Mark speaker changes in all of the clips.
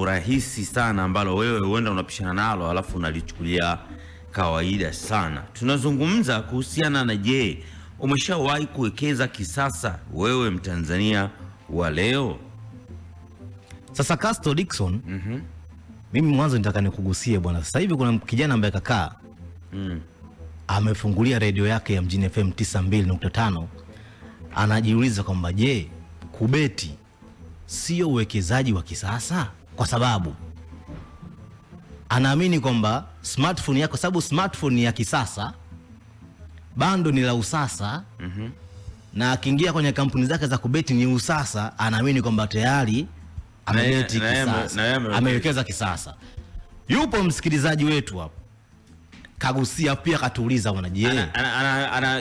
Speaker 1: jambo rahisi sana ambalo wewe huenda unapishana nalo alafu unalichukulia kawaida sana. Tunazungumza kuhusiana na je, umeshawahi kuwekeza kisasa wewe Mtanzania wa leo?
Speaker 2: Sasa Castro Dickson, mm -hmm. Mimi mwanzo nitaka nikugusie bwana. Sasa hivi kuna kijana ambaye kakaa mm. amefungulia redio yake ya Mjini FM 92.5 anajiuliza kwamba je, kubeti sio uwekezaji wa kisasa? kwa sababu anaamini kwamba smartphone yako, sababu smartphone ya kisasa bando ni la usasa mm -hmm. na akiingia kwenye kampuni zake za kubeti ni usasa, anaamini kwamba tayari amebeti kisasa, amewekeza kisasa. Yupo msikilizaji wetu hapo kagusia pia katuuliza mwanaje,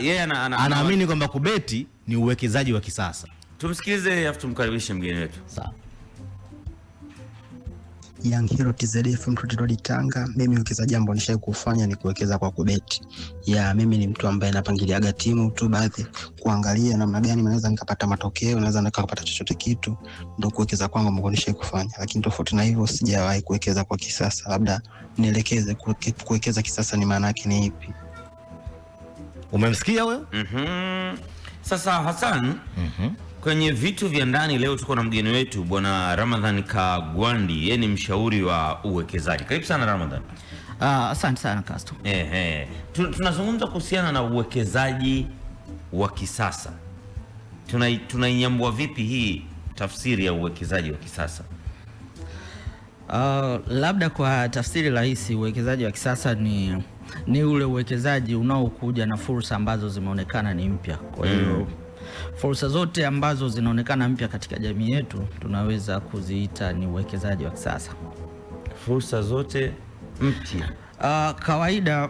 Speaker 2: yeye anaamini kwamba kubeti ni uwekezaji wa kisasa.
Speaker 1: Tumsikilize afu tumkaribishe mgeni wetu, sawa.
Speaker 3: Young Hero TZF mtoto todi Tanga. Mimi ukiza jambo nishai kufanya ni kuwekeza kwa kubeti. Ya mimi ni mtu ambaye napangiliaga timu tu baadhi kuangalia namna gani naweza nikapata matokeo, naweza nikapata chochote kitu, ndio kuwekeza kwangu mbona nishai kufanya. Lakini tofauti na hivyo sijawahi kuwekeza kwa kisasa. Labda nielekeze kuwekeza kisasa ni maana yake ni ipi?
Speaker 1: Umemsikia wewe? Mhm. Mm, sasa Hassan. Mhm. Mm Kwenye vitu vya ndani leo tuko na mgeni wetu bwana Ramadhan Kagwandi, yeye ni mshauri wa uwekezaji. Karibu sana Ramadhan.
Speaker 4: Uh, asante sana Castro. Eh,
Speaker 1: eh. Tunazungumza kuhusiana na uwekezaji wa kisasa. Tunainyambua tuna vipi hii tafsiri ya uwekezaji wa kisasa?
Speaker 4: Uh, labda kwa tafsiri rahisi, uwekezaji wa kisasa ni ni ule uwekezaji unaokuja na fursa ambazo zimeonekana ni mpya. Kwa hiyo mm. Fursa zote ambazo zinaonekana mpya katika jamii yetu tunaweza kuziita ni uwekezaji wa kisasa.
Speaker 1: Fursa zote mpya.
Speaker 4: Uh, kawaida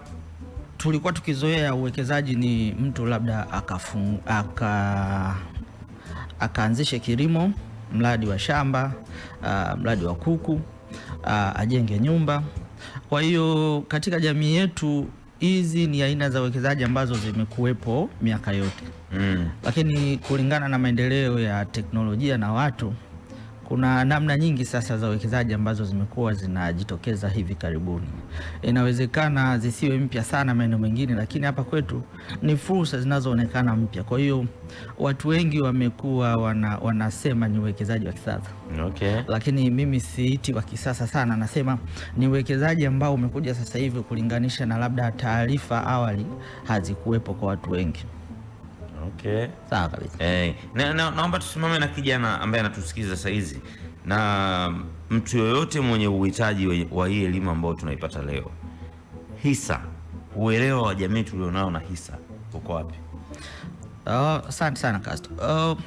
Speaker 4: tulikuwa tukizoea uwekezaji ni mtu labda akaanzishe aka, aka kilimo, mradi wa shamba, uh, mradi wa kuku, uh, ajenge nyumba. Kwa hiyo katika jamii yetu hizi ni aina za uwekezaji ambazo zimekuwepo miaka yote mm. Lakini kulingana na maendeleo ya teknolojia na watu kuna namna nyingi sasa za uwekezaji ambazo zimekuwa zinajitokeza hivi karibuni. Inawezekana zisiwe mpya sana maeneo mengine, lakini hapa kwetu ni fursa zinazoonekana mpya. Kwa hiyo watu wengi wamekuwa wana, wanasema ni uwekezaji wa kisasa okay. Lakini mimi siiti wa kisasa sana, nasema ni uwekezaji ambao umekuja sasa hivi kulinganisha na labda taarifa awali hazikuwepo kwa watu wengi. Okay.
Speaker 1: Sawa kabisa. Eh, na, na, naomba tusimame na kijana ambaye anatusikiza sasa hizi na mtu yoyote mwenye uhitaji wa hii elimu ambayo tunaipata leo. Hisa, uelewa wa jamii tulionao na hisa uko wapi?
Speaker 4: Oh, asante uh, sana Castro. Uh,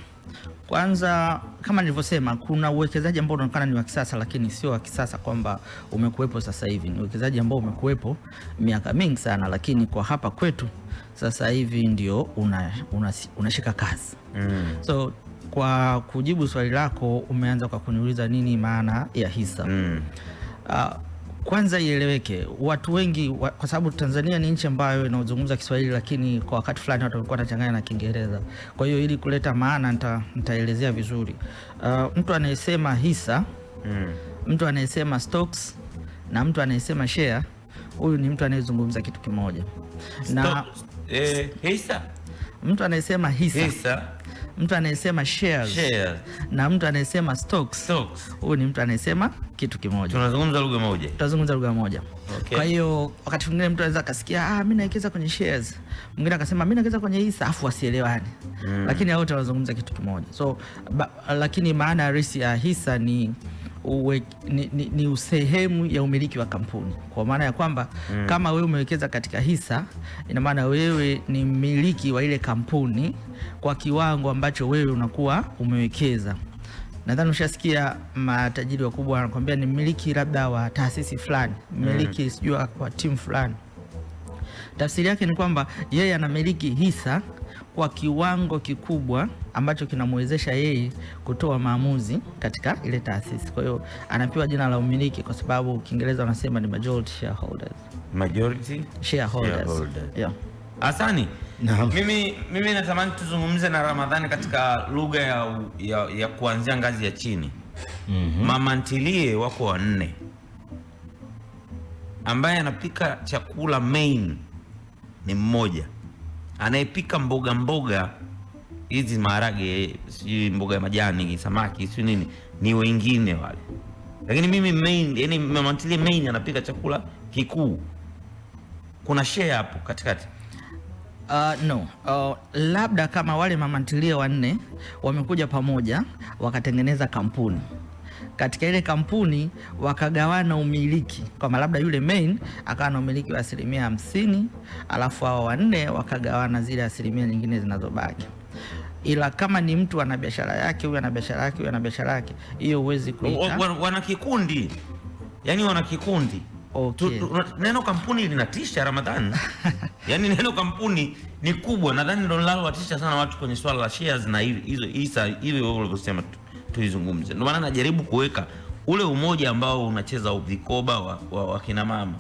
Speaker 4: kwanza kama nilivyosema, kuna uwekezaji ambao unaonekana ni wa kisasa, lakini sio wa kisasa kwamba umekuwepo sasa hivi. Ni uwekezaji ambao umekuwepo miaka mingi sana, lakini kwa hapa kwetu sasa hivi ndio unashika una, una kazi mm. So kwa kujibu swali lako, umeanza kwa kuniuliza nini maana ya hisa mm. uh, kwanza ieleweke, watu wengi wa, kwa sababu Tanzania ni nchi ambayo inaozungumza Kiswahili, lakini kwa wakati fulani watu walikuwa wanachanganya na Kiingereza. Kwa hiyo ili kuleta maana nita, nitaelezea vizuri. Uh, mtu anayesema hisa mm. mtu anayesema stocks na mtu anayesema share, huyu ni mtu anayezungumza kitu kimoja
Speaker 1: na eh, hisa.
Speaker 4: Mtu anayesema hisa, hisa mtu anayesema shares, shares na mtu anayesema stocks, huyu ni mtu anayesema kitu kimoja,
Speaker 1: tunazungumza lugha moja,
Speaker 4: tunazungumza lugha moja. Okay. Kwa hiyo wakati mwingine mtu anaweza akasikia, ah, mimi nawekeza kwenye shares, mwingine akasema mimi naekeza kwenye hisa, afu wasielewani mm. Lakini wote wanazungumza kitu kimoja so ba, lakini maana halisi ya hisa ni Uwe, ni, ni, ni usehemu ya umiliki wa kampuni kwa maana ya kwamba mm. kama wewe umewekeza katika hisa, ina maana wewe ni mmiliki wa ile kampuni kwa kiwango ambacho wewe unakuwa umewekeza nadhani ushasikia matajiri wakubwa wanakwambia ni mmiliki labda wa taasisi fulani, mmiliki mm. sijua wa timu fulani. Tafsiri yake ni kwamba yeye anamiliki hisa kwa kiwango kikubwa ambacho kinamwezesha yeye kutoa maamuzi katika ile taasisi. Kwa hiyo anapewa jina la umiliki, kwa sababu Kiingereza wanasema ni majority shareholders.
Speaker 1: Majority
Speaker 4: shareholders. Shareholders. Yeah.
Speaker 1: Asani mimi, mimi natamani tuzungumze na Ramadhani katika lugha ya, ya, ya kuanzia ngazi ya chini mm -hmm. Mama ntilie wako wanne ambaye anapika chakula main ni mmoja, anayepika mboga mboga hizi maharage, sijui mboga ya majani, samaki, sijui nini, ni wengine wale, lakini mimi main, yani mama ntilie main anapika chakula kikuu. Kuna share hapo katikati.
Speaker 4: Uh, no. Uh, labda kama wale mama wanne wamekuja pamoja wakatengeneza kampuni katika ile kampuni wakagawana umiliki kwamba labda yule main akawa na umiliki wa asilimia hamsini alafu hao wanne wakagawana zile asilimia nyingine zinazobaki. Ila kama ni mtu ana biashara yake, huyu ana biashara yake, huyu ana biashara yake, hiyo huwezi kuita
Speaker 1: wana kikundi, yani wana kikundi. Okay. Neno kampuni linatisha Ramadhani. Yaani neno kampuni ni kubwa, nadhani ndio linalowatisha sana watu kwenye swala la shares na hizo hisa, hivi wewe ulivyosema tuizungumze. Ndio maana najaribu kuweka ule umoja ambao unacheza vikoba wa, wa, wa kina mama,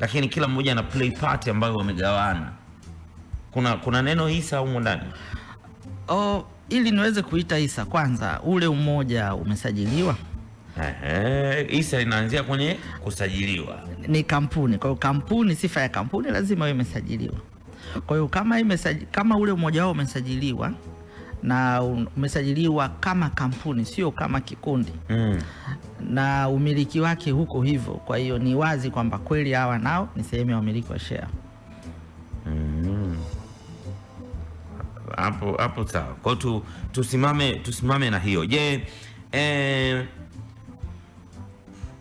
Speaker 1: lakini kila mmoja ana play part ambayo wamegawana. Kuna kuna neno hisa humo ndani
Speaker 4: oh, ili niweze kuita hisa, kwanza ule umoja umesajiliwa
Speaker 1: isa inaanzia kwenye kusajiliwa,
Speaker 4: ni kampuni. Kwa hiyo kampuni, sifa ya kampuni lazima iwe imesajiliwa. Kwa hiyo kama imesaj... kama ule umoja wao umesajiliwa na umesajiliwa kama kampuni, sio kama kikundi mm. na umiliki wake huko hivyo, kwa hiyo ni wazi kwamba kweli hawa nao ni sehemu ya umiliki wa share mm.
Speaker 1: hapo hapo, sawa. Kwa hiyo tusimame tusimame na hiyo. Je, eh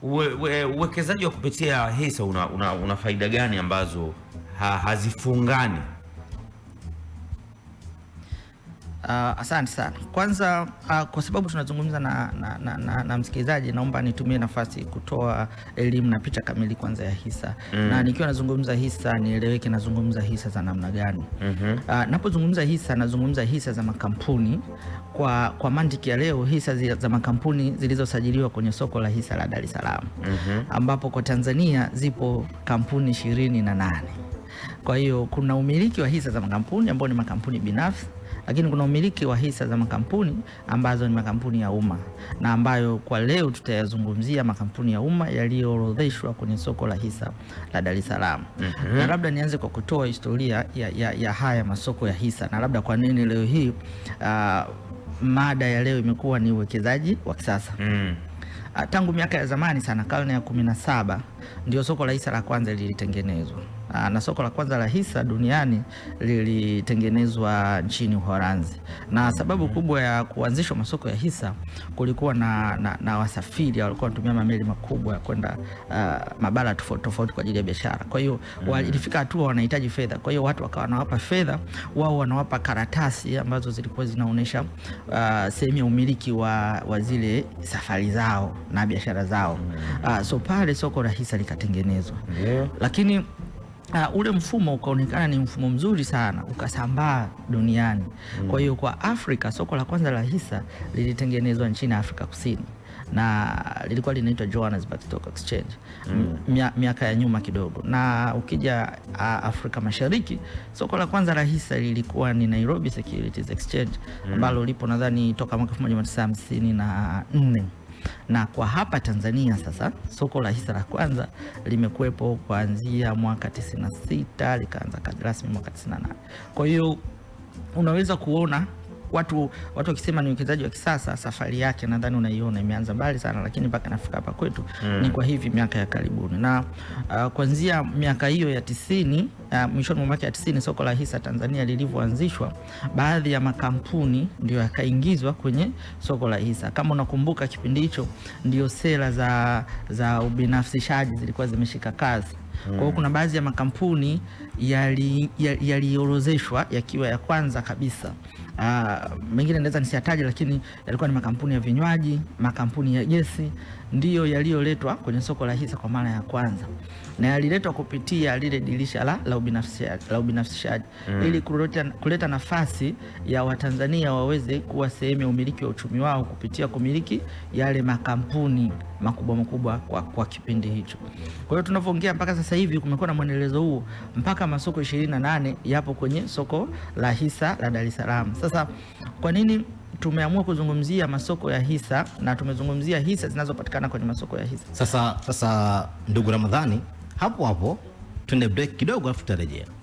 Speaker 1: uwekezaji we, wa kupitia hisa una, una, una faida gani ambazo ha, hazifungani
Speaker 4: Uh, asante sana kwanza, uh, kwa sababu tunazungumza na, na, na, na, na msikilizaji, naomba nitumie nafasi kutoa elimu na picha kamili kwanza ya hisa mm. na nikiwa nazungumza hisa nieleweke, nazungumza hisa za namna gani? mm -hmm. uh, napozungumza hisa nazungumza hisa za makampuni kwa, kwa mantiki ya leo hisa zi, za makampuni zilizosajiliwa kwenye soko la hisa la Dar es Salaam mm -hmm. ambapo kwa Tanzania zipo kampuni ishirini na nane. Kwa hiyo kuna umiliki wa hisa za makampuni ambao ni makampuni binafsi lakini kuna umiliki wa hisa za makampuni ambazo ni makampuni ya umma na ambayo kwa leo tutayazungumzia makampuni ya umma yaliyoorodheshwa kwenye soko la hisa la Dar es Salaam. mm -hmm. Na labda nianze kwa kutoa historia ya, ya, ya haya masoko ya hisa na labda kwa nini leo hii uh, mada ya leo imekuwa ni uwekezaji wa kisasa. mm. Ah, tangu miaka ya zamani sana, karne ya kumi na saba ndio soko la hisa la kwanza lilitengenezwa, ah, na soko la kwanza la hisa duniani lilitengenezwa nchini Uholanzi. Na sababu kubwa ya kuanzishwa masoko ya hisa, kulikuwa na, na, na wasafiri walikuwa wanatumia mameli makubwa ya kwenda uh, mabara tofauti tofauti kwa ajili ya biashara. Kwa hiyo mm. ilifika hatua wanahitaji fedha, kwa hiyo watu wakawa wanawapa fedha, wao wanawapa karatasi ambazo zilikuwa zinaonyesha uh, sehemu ya umiliki wa, wa zile safari zao na biashara zao. Uh, so pale soko la hisa kabisa likatengenezwa yeah. Lakini uh, ule mfumo ukaonekana ni mfumo mzuri sana ukasambaa duniani mm. Kwa hiyo kwa Afrika soko la kwanza la hisa lilitengenezwa nchini Afrika Kusini na lilikuwa linaitwa Johannesburg Stock Exchange mm. miaka ya nyuma kidogo. Na ukija Afrika Mashariki soko la kwanza la hisa lilikuwa ni Nairobi Securities Exchange mm. ambalo mm. lipo nadhani toka mwaka 1954 na kwa hapa Tanzania sasa soko la hisa la kwanza limekuwepo kuanzia mwaka 96 likaanza rasmi mwaka 98. Kwa hiyo unaweza kuona watu watu wakisema ni uwekezaji wa kisasa, safari yake nadhani unaiona imeanza mbali sana, lakini mpaka nafika hapa kwetu mm. ni kwa hivi miaka ya karibuni na uh, kuanzia miaka hiyo ya tisini uh, mwishoni mwa miaka ya tisini soko la hisa Tanzania lilivyoanzishwa, baadhi ya makampuni ndio yakaingizwa kwenye soko la hisa. Kama unakumbuka kipindi hicho ndio sera za, za ubinafsishaji zilikuwa zimeshika kazi. Kwa hiyo mm. kuna baadhi ya makampuni yaliorozeshwa yali yakiwa ya kwanza kabisa uh, mengine naweza nisiyataje, lakini yalikuwa ni makampuni ya vinywaji, makampuni ya gesi ndiyo yaliyoletwa kwenye soko la hisa kwa mara ya kwanza, na yaliletwa kupitia lile dirisha la, la ubinafsishaji, la ubinafsishaji mm. ili kuleta, kuleta nafasi ya Watanzania waweze kuwa sehemu ya umiliki wa uchumi wao kupitia kumiliki yale makampuni makubwa makubwa kwa, kwa kipindi hicho. Kwa hiyo tunavyoongea mpaka sasa hivi kumekuwa na mwendelezo huo mpaka masoko 28 yapo kwenye soko la hisa la Dar es Salaam. Sasa kwa nini tumeamua kuzungumzia masoko ya hisa na tumezungumzia hisa zinazopatikana kwenye masoko ya hisa? Sasa, sasa ndugu Ramadhani, hapo hapo tuende break kidogo, afu tutarejea.